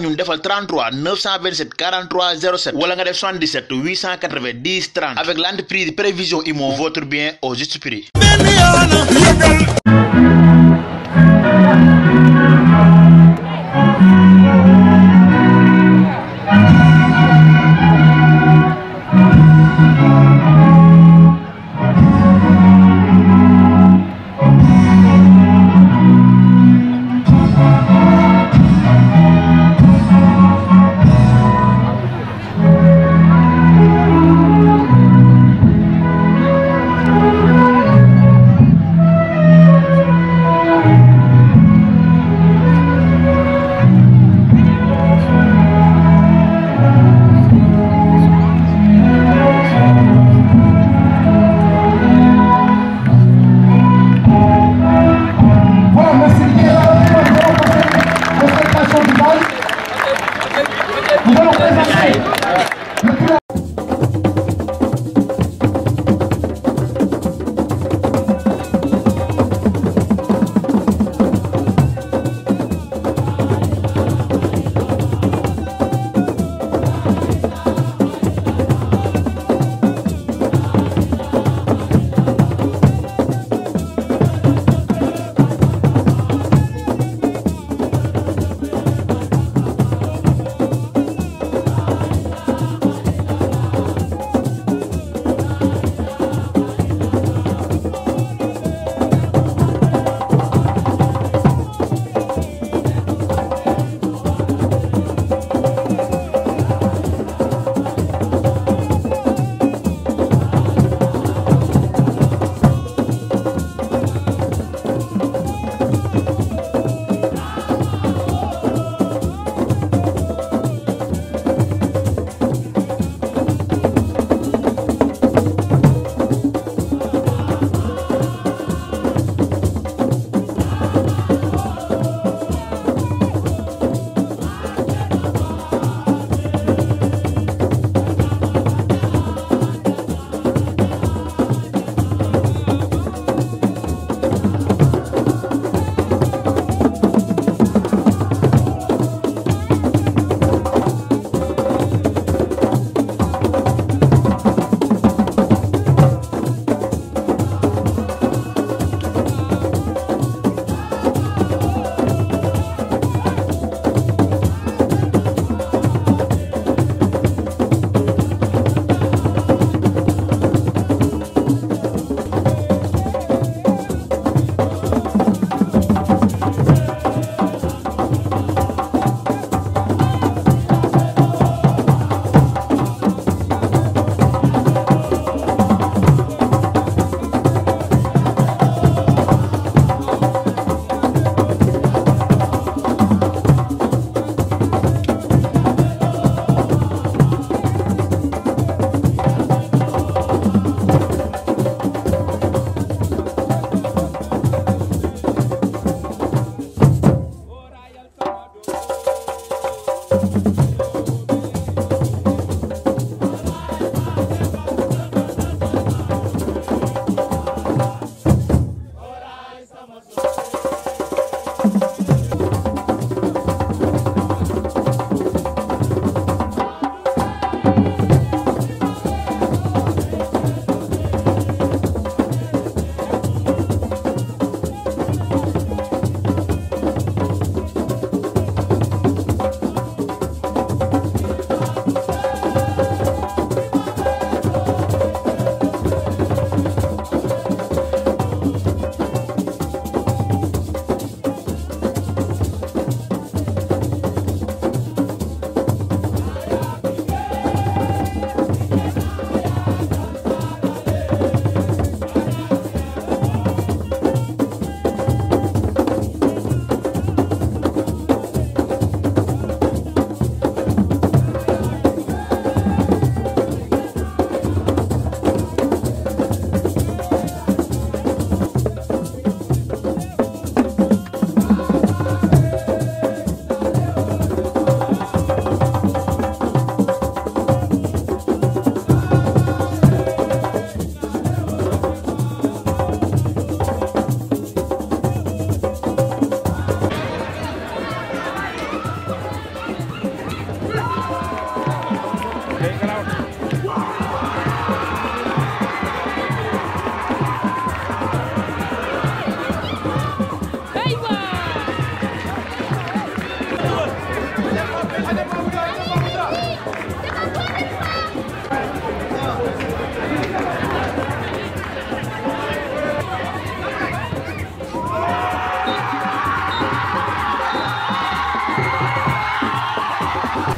ne ñun defal 33 927 43 07 wala nga 77 890 30 avec l'entreprise prévision immo votre bien au juste prix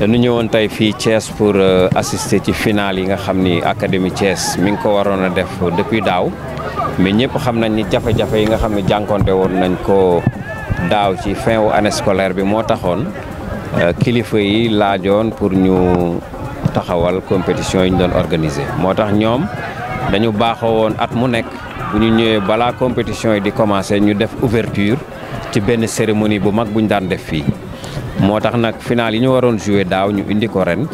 dañu ñëwoon tey fii pur pour euh, assister ci finale yi nga xam ni académie Thiès mi ngi ko waroon a def depuis daw mais ñëpp xam ni jafe-jafe yi nga xam ne jànkonte woon nañ ko daw ci fin wu année scolaire bi moo taxoon euh, kilifa yi laajoon pour ñu taxawal compétition yi ñu doon organiser moo dañu at mu nekk bu ñu ñëwee balaa compétition yi di commencer ñu def ouverture ci cérémonie bu mag bu daan def moo tax nag final yi ñu waroon jouer daaw ñu indi ko ren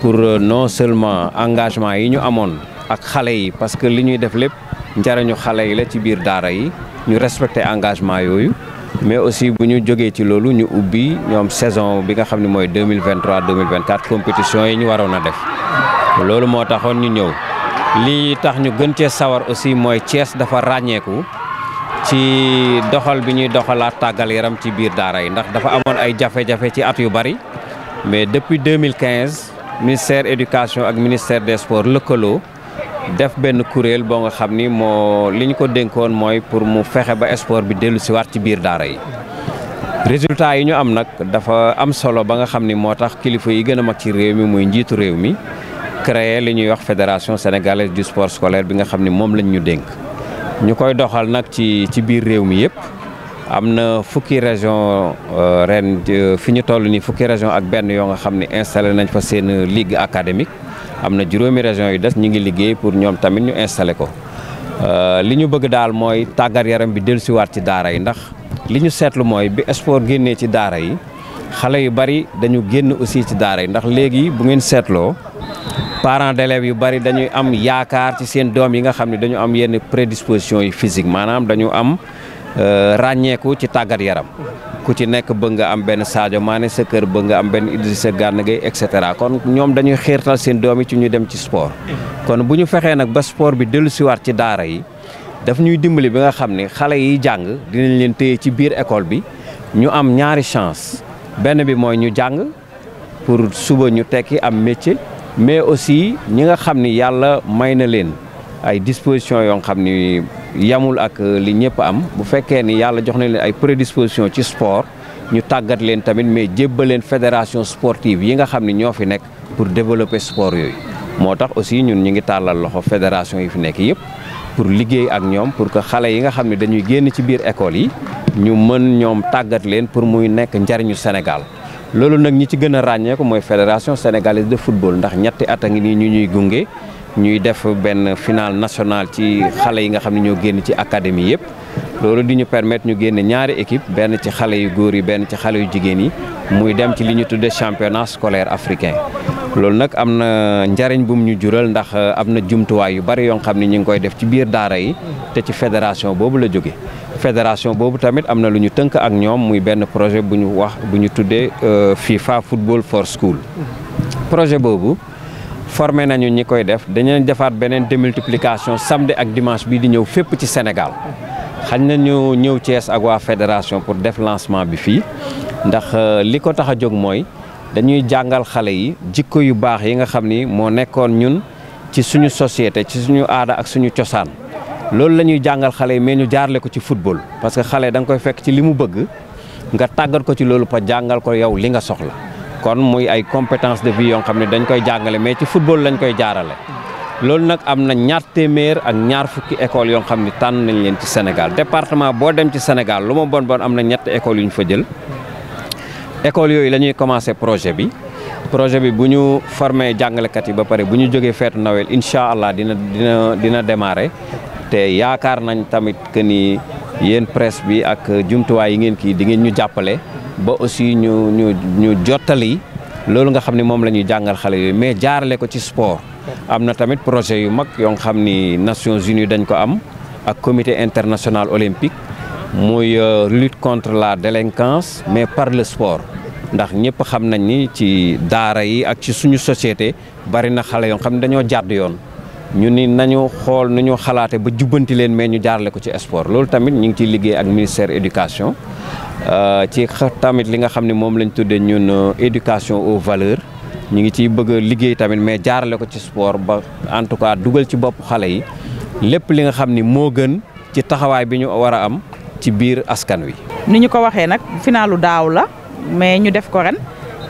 pour euh, non seulement engagement yi ñu amoon ak xale yi parce que li ñuy def lépp njariñu xale yi la ci biir daara yi ñu respecter engagement yooyu mais aussi bu ñu jógee ci loolu ñu ubbi ñoom saison bi nga xam ne mooy 2023 2024 compétition yi ñu waroon a def loolu moo taxoon ñu ñëw lii tax ñu gën cee sawar aussi mooy cees dafa ràññeeku ci doxal bi ñuy doxalaat tàggal yaram ci biir daara yi ndax dafa amoon ay jafe-jafe ci at yu bari mais depuis 2015 ministère éducation ak ministère des sport lëkkaloo def benn kuréel boo nga xam ni moo li ñu ko dénkoon mooy pour mu fexe ba sport bi dellu si waat ci biir daara yi résultat yi ñu am nag dafa am solo ba nga xam ni moo tax kilifa yi gën a mag ci réew mi muy njiitu réew mi créer li ñu wax fédération sénégalaise du sport scolaire bi nga xam ni moom lañ ñu dénk ñu koy doxal nag ci ci biir réew mi yëpp am na fukki région euh, ren euh, fi ñu toll nii fukki région ak benn yoo nga xam ne installé nañ fa seen ligue académique am na juróomi région yu des ñu ngi liggéey pour ñoom tamit ñu installé ko euh, li ñu bëgg daal mooy tàggat yaram bi dellusiwaat ci daara yi ndax li ñu seetlu mooy bi sport génnee ci daara yi xale yu bari dañu génn aussi ci daara yi ndax léegi bu ngeen seetloo parents d'élèves yu bari dañuy am yaakaar ci seen doom yi nga xam ne dañu am yenn prédisposition yi physique maanaam dañu am euh, ràññeeku ci tàggat yaram ku ci nekk bëgg nga am benn Sadio Mané sa kër bëgg nga am benn Idrissa Gana Gueye et cetera kon ñoom dañuy xiirtal seen doom yi ci ñu dem ci sport kon bu ñu fexee nag ba sport bi dellusiwaat ci daara yi daf ñuy dimbali bi nga xam ne xale yi jàng dinañ leen téye ci biir école bi ñu am ñaari chance benn bi mooy ñu jàng pour suba ñu tekki am métier mais aussi ñi nga xam ni yàlla may na leen ay dispositions yoo xam ni yamul ak euh, li ñëpp am bu fekkee ni yàlla jox na leen ay prédisposition ci sport ñu tàggat leen tamit mais jébbal leen fédération sportive yi nga xam ni ñoo fi nekk pour développer sport yooyu. moo tax aussi ñun ñu ngi tàllal loxo fédération yi fi nekk yëpp pour liggéey ak ñoom pour que xale yi nga xam ne dañuy génn ci biir école yi ñu mën ñoom tàggat leen pour muy nekk njariñu Sénégal. loolu nag ñi ci gën a ràññeeku mooy fédération sénégalaise de football ndax ñetti at a ngi nii ñu ñuy gunge ñuy def benn finale nationale ci xale yi nga xam ne ñoo génn ci académie yëpp. loolu di ñu permettre ñu génne ñaari équipe benn ci xale yu góor yi benn ci xale yu jigéen yi muy dem ci li ñu tuddee championnat scolaire africain loolu nag am na njariñ bu mu ñu jural ndax am na jumtuwaay yu bari yoo xam ne ñu ngi koy def ci biir daara yi te ci fédération boobu la jóge fédération boobu tamit am na lu ak ñoom muy benn projet bu wax bu euh, FIFA football for school. projet boobu formé nañu ñi def dañu defaat benen démultiplication samedi ak dimanche bii di ñëw fépp ci Sénégal xañ nañu ñëw Thiès ak waa fédération pour def lancement bi fii ndax euh, li ko tax kamni monekon mooy dañuy jàngal xale yi jikko yu yi nga ñun ci suñu société ci suñu aada ak suñu cosaan loolu la ñuy jàngal xale yi mais ñu jaarle ko ci football parce que xale da nga koy fekk ci li mu bëgg nga tàggat ko ci loolu pa jàngal ko yow li nga soxla kon muy ay compétence de vie yoo xam ne dañ koy jàngale mais ci football lañ koy jaarale loolu nag am na ñaar téeméer ak ñaar fukki école yoo xam ne tànn nañ leen ci Sénégal département boo dem ci Sénégal lu ma bon bon am na ñetti écoles yu ñu fa jël écoles yooyu la ñuy commencé projet bi projet bi bu ñu formé jàngalekat yi ba pare bu ñu jógee feetu Noël incha allah dina dina dina démarrer te yaakaar nañ tamit que ni yéen presse bi ak jumtuwaay yi ngeen kii di ngeen ñu jàppale ba aussi ñu ñu ñu jottali loolu nga xam ne moom la ñuy jàngal mais jaarale ko ci sport amna tamit projet yu mag yoo nga xam ni Nations Unies dañ ko am ak comité international olympique muy euh, lutte contre la délinquance mais par le sport ndax ñëpp xam nañ ni ci daara yi ak ci suñu société bari na xale yoo xam dañoo jàdd yoon ñu nii nañu xool nu ñu xalaate ba jubbanti leen ñu jaarale ko ci sport loolu tamit ñu ngi ciy liggéey ak ministère éducation euh, ci tamit li nga xam ne moom lañ tuddee ñun euh, éducation aux valeur ñu ngi ciy bëgg liggéey tamit mais jaarale ko ci sport ba en tout cas dugal ci bopp xale yi lépp li nga xam ni moo gën ci taxawaay bi ñu war a am ci biir askan wi. ni ñu ko waxee nag finaalu daaw la mais ñu def ko ren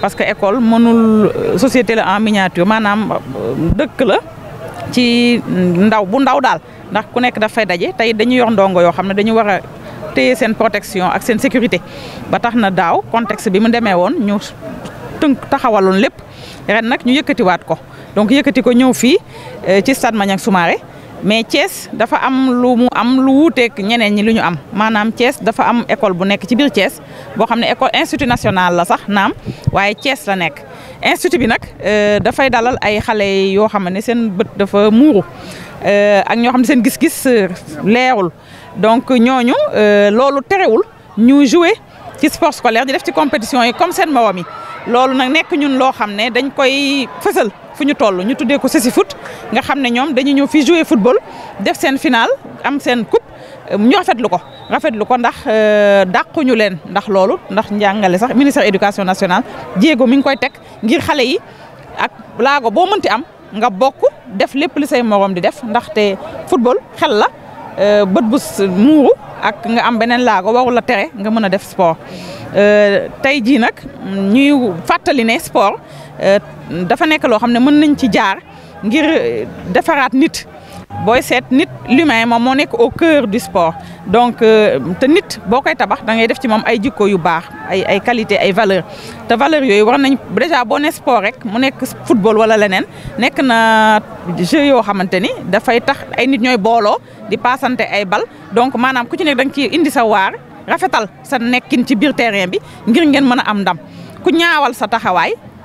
parce que école mënul euh, société la en miniature maanaam dëkk la. ci ndaw bu ndaw daal ndax ku nekk daf fay daje tey dañu yor ndongo yoo xam ne dañu war a téye seen protection ak seen sécurité ba tax na daaw contexte bi mu demee woon ñu tënk taxawaloon lépp ren nag ñu yëkkatiwaat ko donc yëkkati ko ñëw fii eh, ci stade Maniang Soumaré mais cees dafa am lu mu am lu wuuteeg ñeneen ñi lu ñu am maanaam Thiès dafa am école bu nekk ci biir cees boo xam ne école institut national la sax naam waaye cees la nekk institut bi euh, da fay dalal ay xalé yo xam sen beut dafa dafa euh ak ño xam sen gis-gis euh, leerul donc euh lolu téréwul ñu jouer ci sport scolaire di def ci compétition yi comme sen mawami lolu nak nek ñun lo xamné dañ koy fessel fu ñu toll ñu tuddé ko ceci foot nga xamné ñom dañ dañu fi jouer football def sen finale am sen coupe ñu rafetlu ko rafetlu ko ndax euh, dàquñu leen ndax loolu ndax njàngale sax ministère éducation nationale jéego mi ngi koy teg ngir xale yi ak laago boo mënti am nga bokk def lépp li say morom di def ndaxte football xel la euh, bët bu muuru ak nga am beneen laago warul tere nga mën a def sport. Euh, tey jii nag ñuy fàttali ne sport dafa nekk loo xam ne mën nañ ci jaar ngir defaraat nit. booy seet nit l'humain moom moo nekk au cœur du sport donc euh, te nit boo koy tabax da ngay def ci moom ay jikko yu baax ay ay qualité ay valeur te valeur yooyu war nañ déjà boo ne sport rek mu nekk football wala leneen nekk na jeu yoo xamante ni dafay tax ay nit ñooy booloo di passante ay bal donc maanaam ku ci nekk da nga indi sa rafetal sa nekkin ci biir terrain bi ngir ngeen mën a am ndam ku ñaawal sa taxawaay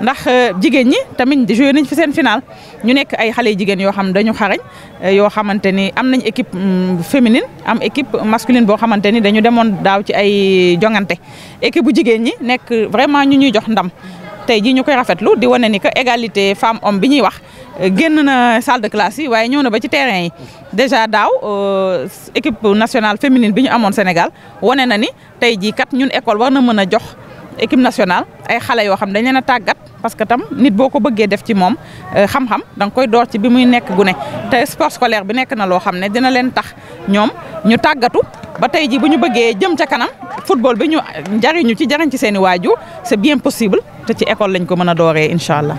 ndax euh, jigéen ñi tamit joué nañ fi seen final ñu nekk ay xale jigéen yoo xam dañu xarañ euh, yoo xamante ni am nañ équipe mm, féminine am équipe masculine boo xamante ni dañu demoon daaw ci ay jongante équipe bu jigéen ñi nekk vraiment ñu ñuy jox ndam tey jii ñu koy rafetlu di wane ni que égalité femme homme bi ñuy wax euh, génn na salle de classe yi waaye ñëw na ba ci terrain yi déjà daaw équipe nationale féminine bi ñu amoon Sénégal wane na ni tey jii kat ñun école war na mën a jox. équipe nationale ay xale yoo xam dañ leen a tàggat parce que tam nit boo ko bëggee def ci moom euh, xam-xam da koy door ci bi muy nekk gune te sport scolaire bi nekk na loo xam ne dina leen tax ñoom ñu tàggatu ba tey ji bu ñu bëggee jëm ca kanam football bi ñu njariñu ci jariñ ci seen i waajur c'est bien possible te ci école lañ ko mën a dooree incha allah.